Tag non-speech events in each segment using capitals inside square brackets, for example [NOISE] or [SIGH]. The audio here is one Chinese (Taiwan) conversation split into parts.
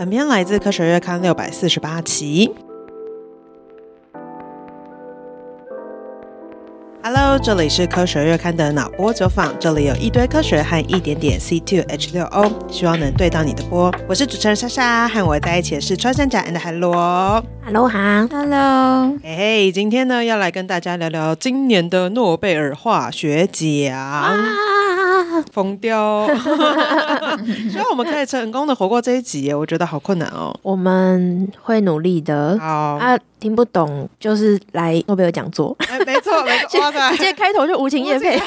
本片來自《科學月刊》六百四十八期。Hello，這裡是《科學月刊》的腦波酒坊，這裡有一堆科學和一點點 C two H 六 O，希望能對到你的波。我是主持人莎莎，和我在一起的是穿山甲 and 海螺。Hello，哈，Hello。Hello. Hey, 今天呢，要來跟大家聊聊今年的諾貝爾化學獎。Ah! 瘋掉！希望我們可以成功的活過這一集，我覺得好困難哦。 [LAUGHS] 我們會努力的。好。啊聽不懂就是來諾貝爾講座，哎，沒錯，沒錯，直接開頭就無情業配，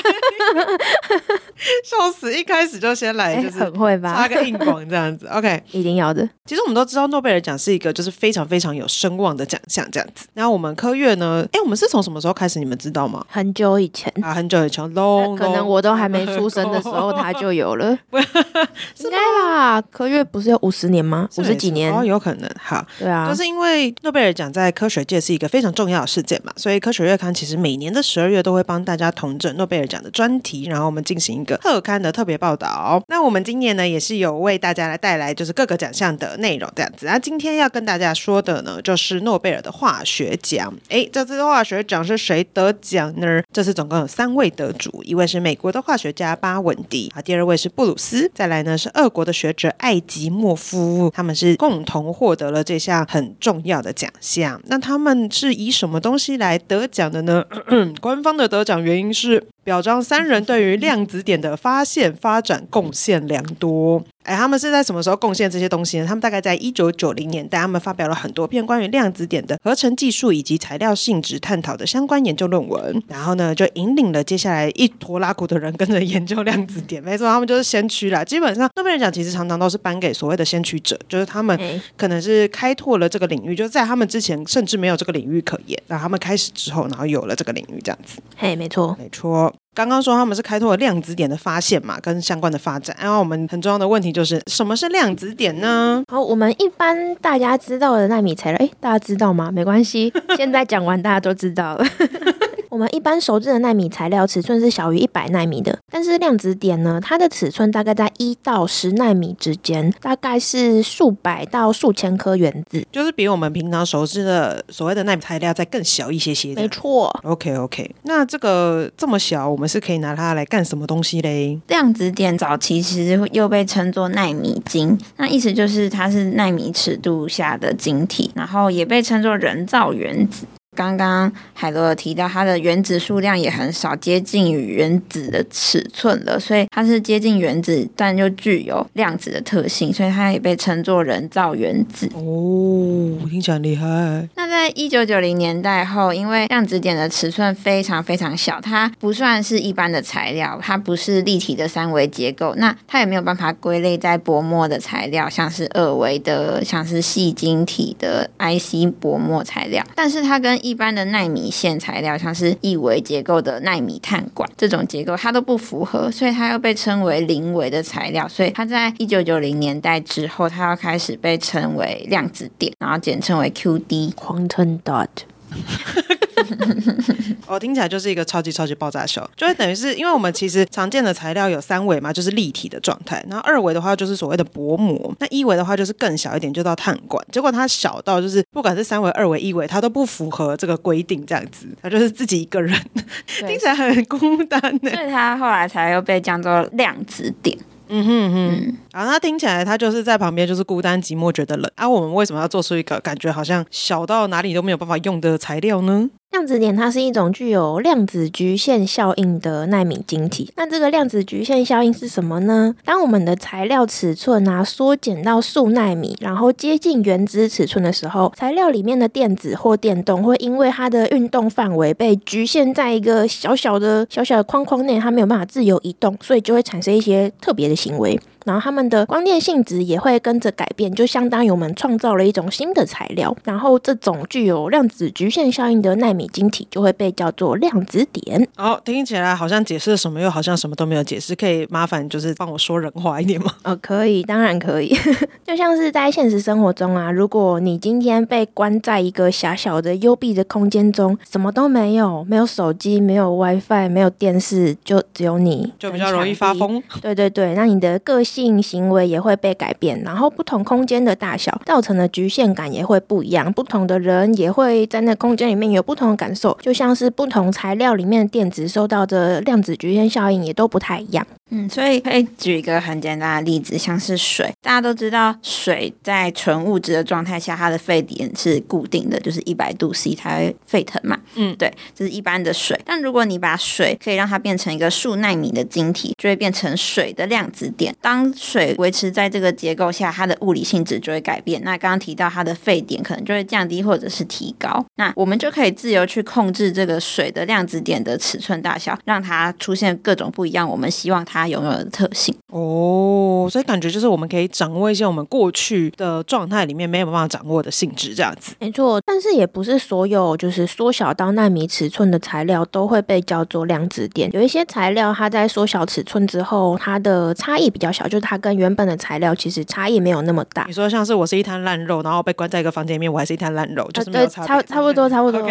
笑死！一開始就先來就是很會吧，插個硬廣這樣子。OK，一定要的。其實我們都知道諾貝爾獎是一個就是非常非常有聲望的獎項這樣子。然後我們科月呢，哎，我們是從什麼時候開始？你們知道嗎？很久以前啊，很久以前 Long Long 可能我都還沒出生的時候他就有了，應該啦。科月不是有五十年嗎？五十幾年，哦，有可能。好，對啊，就是因為諾貝爾獎在科學界是一個非常重要的事件嘛，所以《科學月刊》其實每年的十二月都會幫大家統整諾貝爾獎的專題，然後我們進行一個特刊的特別報導。那我們今年呢，也是有為大家來帶來就是各個獎項的內容這樣子。那今天要跟大家說的呢，就是諾貝爾的化學獎。誒，這次化學獎是誰得獎呢？這次總共有三位得主，一位是美國的化學家巴文迪啊，第二位是布魯斯，再來呢是俄國的學者艾吉莫夫，他們是共同獲得了這項很重要的獎項。那他們是以什麼東西來得獎的呢？咳咳，官方的得獎原因是表彰三人對於量子點的發現、發展貢獻良多。誒、哎，他們是在什麼時候貢獻這些東西呢？他們大概在一九九零年代，他們發表了很多篇關於量子點的合成技術以及材料性質探討的相關研究論文，然後呢，就引領了接下來一拖拉庫的人跟着研究量子點。沒錯，他們就是先驅啦。基本上諾貝爾獎其實常常都是頒給所謂的先驅者，就是他們可能是開拓了這個領域，就在他們之前甚至沒有這個領域可言，然後他們開始之後，然後有了這個領域這樣子。嘿，沒錯，沒錯。剛剛說他們是開拓了量子點的發現嘛，跟相關的發展。然後我們很重要的問題就是，什麼是量子點呢？好，我們一般大家知道的納米材料，哎，大家知道嗎？沒關係，現在講完大家都知道了。 [LAUGHS] [LAUGHS] 我們一般熟知的納米材料尺寸是小於一百納米的，但是量子點呢，它的尺寸大概在一到十納米之間，大概是數百到數千顆原子，就是比我們平常熟知的所謂的納米材料再更小一些些。沒錯。OK OK，那這個這麼小，我們是可以拿它來幹什麼東西嘞？量子點早期其實又被稱作納米晶，那意思就是它是納米尺度下的晶體，然後也被稱作人造原子。剛剛海洛提到，它的原子數量也很少，接近於原子的尺寸了，所以它是接近原子，但又具有量子的特性，所以它也被稱作人造原子。哦，聽起來厲害。那在一九九零年代後，因為量子點的尺寸非常非常小，它不算是一般的材料，它不是立體的三維結構，那它也沒有辦法歸類在薄膜的材料，像是二維的，像是矽晶體的 IC 薄膜材料，但是它跟一般的奈米線材料，像是一維結構的奈米碳管，這種結構它都不符合，所以它又被稱為零維的材料。所以它在一九九零年代之後，它又開始被稱為量子點，然後簡稱為 QD（Quantum Dot）。 [LAUGHS] 我、 [LAUGHS] 哦、聽起來就是一個超級超級爆炸小，就會等於是因為我們其實常見的材料有三維嘛，就是立體的狀態。然後二維的話就是所謂的薄膜，那一維的話就是更小一點，就到碳管。結果它小到就是不管是三維、二維、一維，它都不符合這個規定，這樣子，它就是自己一個人，對聽起來很孤單的，欸。所以它後來才又被叫做量子點。嗯哼哼，然後、嗯、它聽起來它就是在旁邊就是孤單寂寞覺得冷。啊，我們為什麼要做出一個感覺好像小到哪裡都沒有辦法用的材料呢？量子點它是一種具有量子局限效應的奈米晶體。那這個量子局限效應是什麼呢？當我們的材料尺寸啊縮減到數奈米，然後接近原子尺寸的時候，材料裡面的電子或電洞會因為它的運動範圍被局限在一個小小的小小的框框內，它沒有辦法自由移動，所以就會產生一些特別的行為。然後他們的光電性質也會跟着改變，就相當於我們創造了一種新的材料。然後這種具有量子局限效應的納米晶體就會被叫做量子點。哦，聽起來好像解釋了什麼，又好像什麼都沒有解釋。可以麻煩就是幫我說人話一點嗎？哦，可以，當然可以。 [LAUGHS] 就像是在現實生活中啊，如果你今天被關在一個狹小的幽閉的空間中，什麼都沒有，沒有手機，沒有 WiFi，沒有電視，就只有你，就比較容易發瘋。 [LAUGHS] 對對對，那你的個性性行為也會被改變，然後不同空間的大小造成的局限感也會不一樣，不同的人也會在那空間裡面有不同的感受，就像是不同材料裡面的電子受到的量子局限效應也都不太一樣。嗯，所以可以舉一個很簡單的例子，像是水，大家都知道水在純物質的狀態下，它的沸點是固定的，就是一百度 C，它會沸騰嘛。嗯，對，這是一般的水。但如果你把水可以讓它變成一個數奈米的晶體，就會變成水的量子點。當水維持在這個結構下，它的物理性質就會改變。那剛剛提到它的沸點可能就會降低或者是提高。那我們就可以自由去控制這個水的量子點的尺寸大小，讓它出現各種不一樣，我們希望它。它擁有，有的特性哦，所以感覺就是我們可以掌握一些我們過去的狀態裡面沒有辦法掌握的性質，這樣子。沒錯，但是也不是所有就是縮小到奈米尺寸的材料都會被叫做量子點，有一些材料它在縮小尺寸之後，它的差異比較小，就是它跟原本的材料其實差異沒有那麼大。你說像是我是一灘爛肉，然後被關在一個房間裡面，我還是一灘爛肉，就是沒有差，差不多差不多。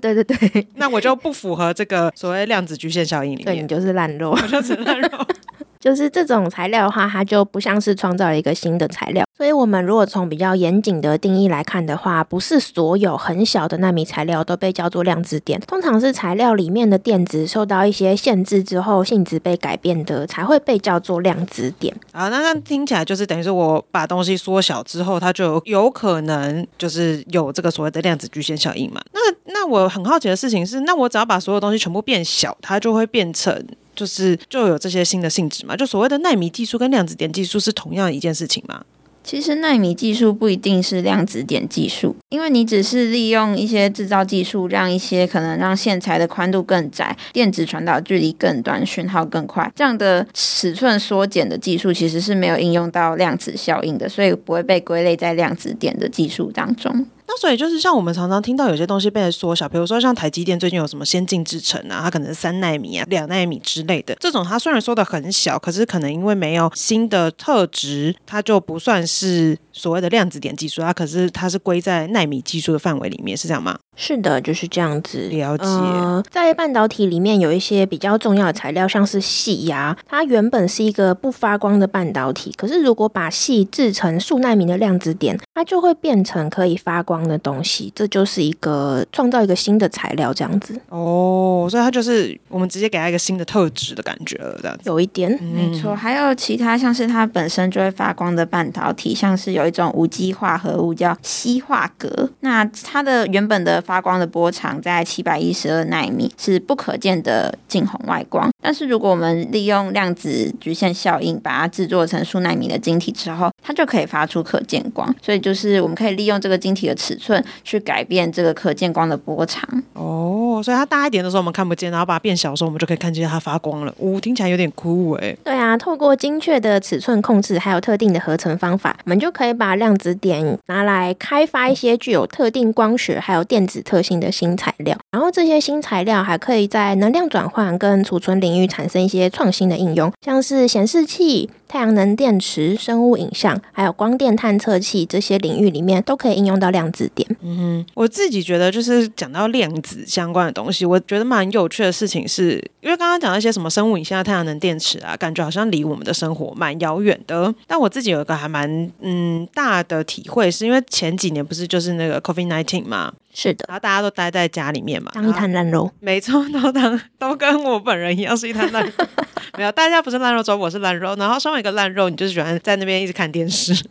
對對對，那我就不符合這個所謂量子局限效應裡面，對你就是爛肉，我就是爛肉。 [LAUGHS] [LAUGHS] 就是這種材料的話，它就不像是創造了一個新的材料。所以，我們如果從比較嚴謹的定義來看的話，不是所有很小的納米材料都被叫做量子點。通常是材料裡面的電子受到一些限制之後，性質被改變的，才會被叫做量子點。啊，那那聽起來就是等於是，我把東西縮小之後，它就有可能就是有這個所謂的量子局限效應嘛？那那我很好奇的事情是，那我只要把所有東西全部變小，它就會變成？就是就有這些新的性質嘛，就所謂的納米技術跟量子點技術是同樣一件事情嗎？其實納米技術不一定是量子點技術，因為你只是利用一些制造技術讓一些可能讓線材的寬度更窄，電子傳導距離更短，訊號更快，這樣的尺寸縮減的技術其實是沒有應用到量子效應的，所以不會被歸類在量子點的技術當中。那所以就是像我們常常聽到有些東西被縮小，比如說像台積電最近有什麼先進製程啊，它可能是三納米啊、兩納米之類的。這種它雖然說的很小，可是可能因為沒有新的特質，它就不算是所謂的量子點技術啊。可是它是歸在納米技術的範圍裡面，是這樣嗎？是的，就是這樣子。了解、呃。在半導體裡面有一些比較重要的材料，像是矽呀、啊、它原本是一個不發光的半導體。可是如果把矽製成數奈米的量子點，它就會變成可以發光的東西。這就是一個創造一個新的材料，這樣子。哦，所以它就是我們直接給它一個新的特質的感覺了，這樣子。有一點，嗯、沒錯。還有其他像是它本身就會發光的半導體，像是有一種無機化合物叫硒化鎘，那它的原本的。發光的波長在七百一十二奈米，是不可見的近紅外光。但是如果我們利用量子局限效應，把它制作成數奈米的晶體之後，它就可以發出可見光。所以就是我們可以利用這個晶體的尺寸去改變這個可見光的波長。哦，oh, 所以它大一點的時候我們看不見，然後把它變小的時候我們就可以看見它發光了。嗚、哦，聽起來有點酷萎、欸。對啊，透過精確的尺寸控制，還有特定的合成方法，我們就可以把量子點拿來開發一些具有特定光學還有電子。子特性的新材料，然後這些新材料還可以在能量轉換跟儲存領域產生一些創新的應用，像是顯示器、太陽能電池、生物影像，還有光電探測器這些領域裡面，都可以應用到量子點。嗯哼，我自己覺得，就是講到量子相關的東西，我覺得蠻有趣的事情是，因為剛剛講那些什麼生物影像、太陽能電池啊，感覺好像離我們的生活蠻遙遠的。但我自己有一個還蠻嗯大的體會是，是因為前幾年不是就是那個 COVID nineteen 嘛？19嗎？是的，然後大家都待在家裡面嘛，當一灘爛肉？啊、沒錯，都當都跟我本人一樣是一灘爛肉， [LAUGHS] 沒有大家不是爛肉，走，我是爛肉，然後稍微。那個爛肉，你就是喜歡在那邊一直看電視。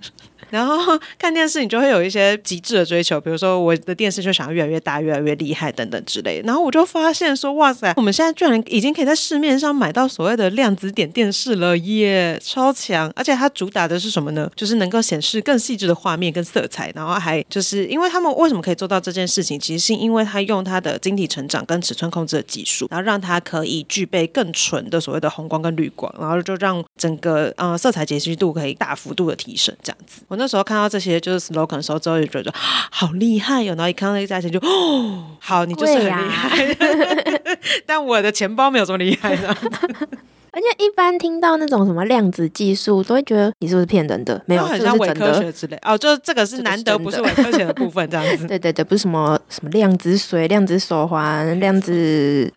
然後看電視，你就會有一些極致的追求，比如說我的電視就想要越來越大、越來越厲害等等之類的。然後我就發現說，哇塞，我們現在居然已經可以在市面上買到所謂的量子點電視了耶，yeah, 超強！而且它主打的是什麼呢？就是能夠顯示更細緻的畫面跟色彩。然後還就是，因為他們為什麼可以做到這件事情，其實是因為它用它的晶體成長跟尺寸控制的技術，然後讓它可以具備更純的所謂的紅光跟綠光，然後就讓整個呃色彩解析度可以大幅度的提升，這樣子。那時候看到這些就是 slogan 的時候，之後就覺得、啊、好厲害喲。然後一看到那個價錢，就哦，好，你就是很厲害。貴啊、 [LAUGHS] 但我的錢包沒有這麼厲害的 [LAUGHS] [LAUGHS] 而且一般聽到那種什麼量子技術，都會覺得你是不是騙人的？沒有，很像偽科學之類的。哦，就是這個是難得不是偽科學的部分，這樣子。 [LAUGHS] 對對對，不是什麼什麼量子水、量子手環、量子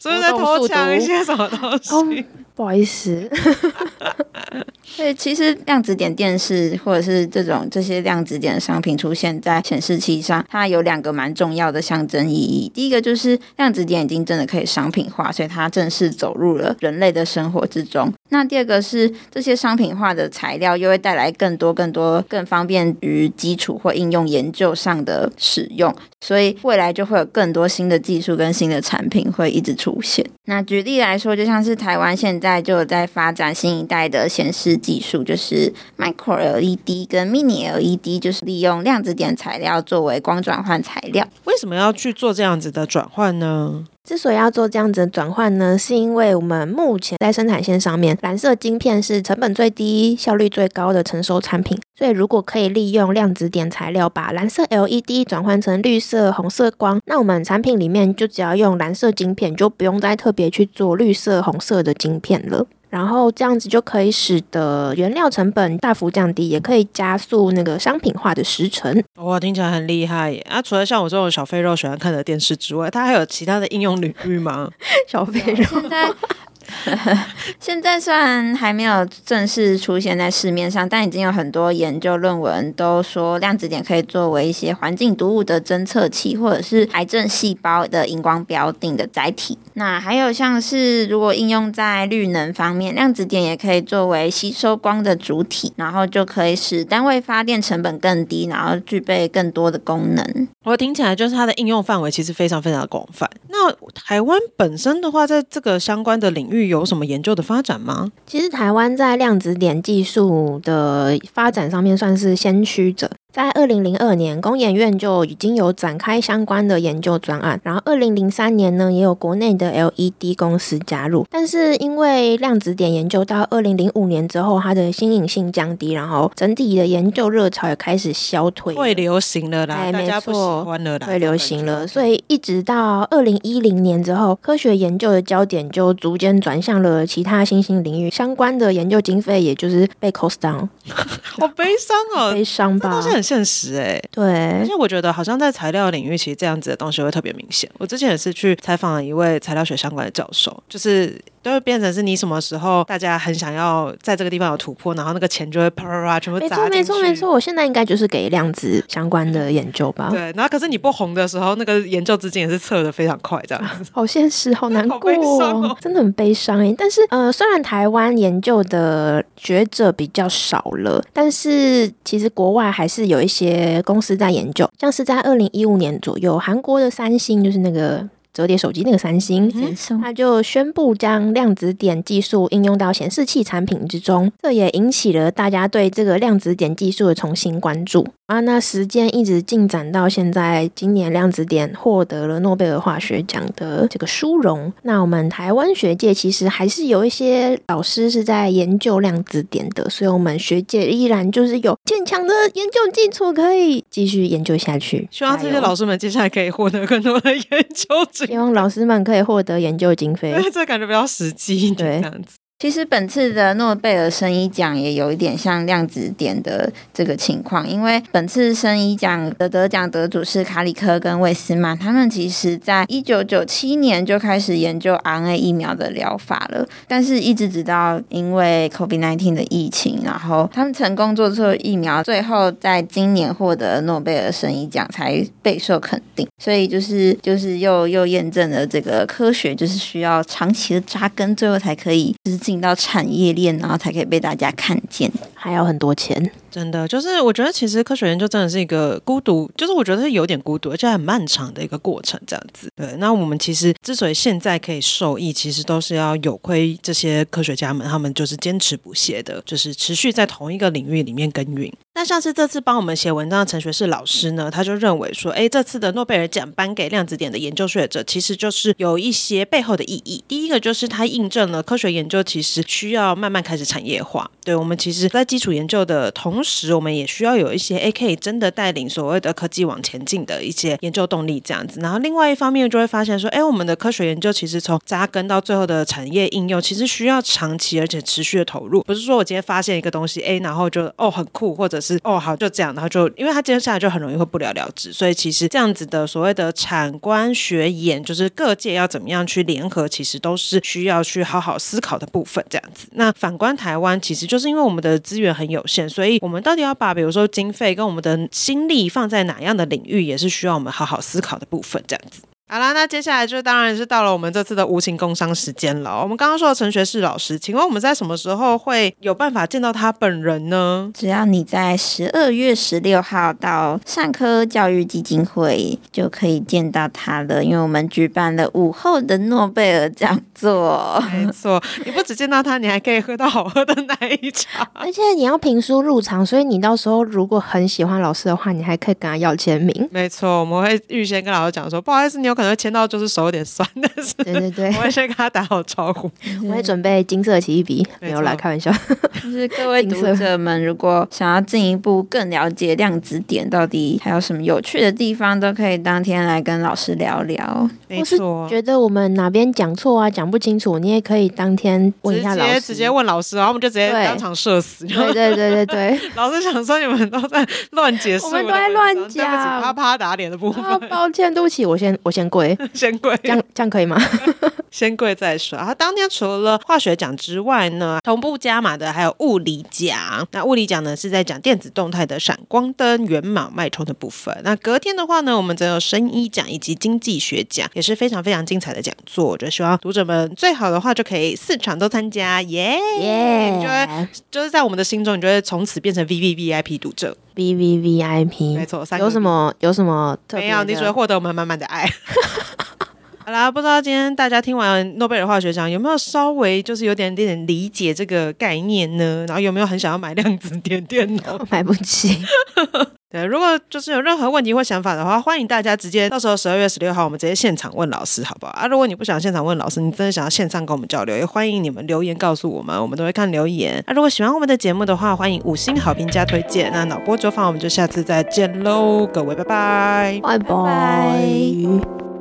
是不是在偷搶一些什麼東西？ [LAUGHS] 哦，不好意思。 [LAUGHS] [LAUGHS] 所以，其實量子點電視或者是這種這些量子點的商品出現在顯示器上，它有兩個蠻重要的象徵意義。第一個就是量子點已經真的可以商品化，所以它正式走入了人類的生活之中。那第二個是這些商品化的材料又會帶來更多、更多、更方便於基礎或應用研究上的使用，所以未來就會有更多新的技術跟新的產品會一直出現。那舉例來說，就像是台灣現在就有在發展新一代。代的顯示技術就是 micro LED 跟 mini LED，就是利用量子點材料作為光轉換材料。為什麼要去做這樣子的轉換呢？之所以要做這樣子的轉換呢，是因為我們目前在生產線上面，藍色晶片是成本最低、效率最高的成熟產品。所以如果可以利用量子點材料把藍色 LED 轉換成綠色、紅色光，那我們產品裡面就只要用藍色晶片，就不用再特別去做綠色、紅色的晶片了。然後這樣子就可以使得原料成本大幅降低，也可以加速那個商品化的時程。哇，聽起來很厲害！啊，除了像我這種小肥肉喜歡看的電視之外，它還有其他的應用領域嗎？ [LAUGHS] 小肥肉。 [LAUGHS] 現在雖然還沒有正式出現在市面上，但已經有很多研究論文都說量子點可以作為一些環境毒物的偵測器，或者是癌症細胞的熒光標定的載體。那還有像是如果應用在綠能方面，量子點也可以作為吸收光的主體，然後就可以使單位發電成本更低，然後具備更多的功能。我聽起來就是它的應用範圍其實非常非常的廣泛。那台灣本身的話，在這個相關的領域。有什麼研究的發展嗎？其實台灣在量子點技術的發展上面算是先驅者。在二零零二年，工研院就已經有展開相關的研究專案，然後二零零三年呢，也有國內的 LED 公司加入。但是因為量子點研究到二零零五年之後，它的新穎性降低，然後整體的研究熱潮也開始消退，會流行了啦，哎、沒錯大家不喜歡了啦，會流行了。所以一直到二零一零年之後，科學研究的焦點就逐漸轉向了其他新興領域，相關的研究經費也就是被 cost down，好 [LAUGHS] 悲傷哦， [LAUGHS] 悲傷吧。現實哎、欸，對，而且我覺得好像在材料領域，其實這樣子的東西會特別明顯。我之前也是去採訪了一位材料學相關的教授，就是都會變成是你什麼時候大家很想要在這個地方有突破，然後那個錢就會啪啪啪全部砸沒。沒錯沒錯沒錯，我現在應該就是給量子相關的研究吧。 [LAUGHS] 對，然後可是你不紅的時候，那個研究資金也是撤的非常快，這樣、啊。好現實，好難過，哦，真的很悲傷哎、欸。但是呃，雖然台灣研究的學者比較少了，但是其實國外還是有。有一些公司在研究，像是在二零一五年左右，韓國的三星就是那個。摺疊手機那個三星，他就宣布將量子點技術應用到顯示器產品之中，這也引起了大家對這個量子點技術的重新關注啊。那時間一直進展到現在，今年量子點獲得了諾貝爾化學獎的這個殊榮。那我們台灣學界其實還是有一些老師是在研究量子點的，所以我們學界依然就是有堅強的研究基礎，可以繼續研究下去。希望這些老師們接下來可以獲得更多的研究者。希望老師們可以獲得研究經費，因為這感覺比較實際，對對，這樣子。其實本次的諾貝爾生醫獎也有一點像量子點的這個情況，因為本次生醫獎的得獎得主是卡里科跟魏斯曼，他們其實在一九九七年就開始研究 RNA 疫苗的療法了，但是一直直到因為 COVID-19 的疫情，然後他們成功做出疫苗，最後在今年獲得諾貝爾生醫獎才備受肯定，所以就是就是又又驗證了這個科學就是需要長期的扎根，最後才可以就是。到產業鏈，然後才可以被大家看見，還要很多錢。真的就是，我覺得其實科學研究真的是一個孤獨，就是我覺得是有點孤獨，而且很漫長的一個過程，這樣子。對，那我們其實之所以現在可以受益，其實都是要有虧這些科學家們，他們就是堅持不懈的，就是持續在同一個領域裡面耕耘。那像是這次幫我們寫文章的陳學士老師呢，他就認為說，哎，這次的諾貝爾獎頒給量子點的研究學者，其實就是有一些背後的意義。第一個就是它印證了科學研究其實需要慢慢開始產業化。對，我們其實在基礎研究的同時，我們也需要有一些欸，可以真的帶領所謂的科技往前進的一些研究動力這樣子。然後另外一方面就會發現說，哎，我們的科學研究其實從扎根到最後的產業應用，其實需要長期而且持續的投入。不是說我今天發現一個東西，哎，然後就哦很酷，或者是哦好就這樣，然後就因為它接下來就很容易會不了了之。所以其實這樣子的所謂的產官學研，就是各界要怎麼樣去聯合，其實都是需要去好好思考的部分。這樣子。那反觀台灣，其實就。就是因為我們的資源很有限，所以我們到底要把，比如說經費跟我們的心力放在哪樣的領域，也是需要我們好好思考的部分，這樣子。好啦，那接下來就當然是到了我們這次的無情工商時間了。我們剛剛說的陳學士老師，請問我們在什麼時候會有辦法見到他本人呢？只要你在十二月十六號到善科教育基金會就可以見到他了，因為我們舉辦了午後的諾貝爾講座。沒錯，你不只見到他，你還可以喝到好喝的奶茶，而且你要憑書入場，所以你到時候如果很喜歡老師的話，你還可以跟他要簽名。沒錯，我們會預先跟老師講說，不好意思，你有可能可能簽到就是手有點酸，但是對對對。我會先跟他打好招呼。我會準備金色奇異筆，沒有啦，開玩笑。就是各位讀者們，如果想要進一步更了解量子點到底還有什麼有趣的地方，都可以當天來跟老師聊聊。沒錯，我是覺得我們哪邊講錯啊，講不清楚，你也可以當天問一下老師。直接直接問老師，然後我們就直接當場射死。然後對對對對，老師想說你們都在亂解釋。我們都在亂講，啪啪打臉的部分。抱歉，對不起，我先我先。嫌貴，嫌貴，啊、這樣這樣可以嗎？ [LAUGHS] 先跪再說啊！當天除了化學獎之外呢，同步加碼的還有物理獎。那物理獎呢，是在講電子動態的閃光燈、圓滿脈衝的部分。那隔天的話呢，我們則有生醫獎以及經濟學獎，也是非常非常精彩的講座。我覺得希望讀者們最好的話就可以四場都參加，耶、yeah!！Yeah! 就會就是在我們的心中，你就會從此變成 VVVIP 讀者。VVVIP，沒錯，三個。有，有什麼有什麼？沒有，你只會獲得我們滿滿的愛。 [LAUGHS] 好啦，不知道今天大家聽完諾貝爾化學獎有沒有稍微就是有點點理解這個概念呢？然後有沒有很想要買量子點電，電腦？買不起。 [LAUGHS] 對，如果就是有任何問題或想法的話，歡迎大家直接到時候十二月十六號我們直接現場問老師，好不好？啊，如果你不想現場問老師，你真的想要線上跟我們交流，也歡迎你們留言告訴我們，我們都會看留言。那、啊、如果喜歡我們的節目的話，歡迎五星好評加推薦。那腦波酒坊，我們就下次再見嘍，各位拜拜，拜拜 bye。Bye bye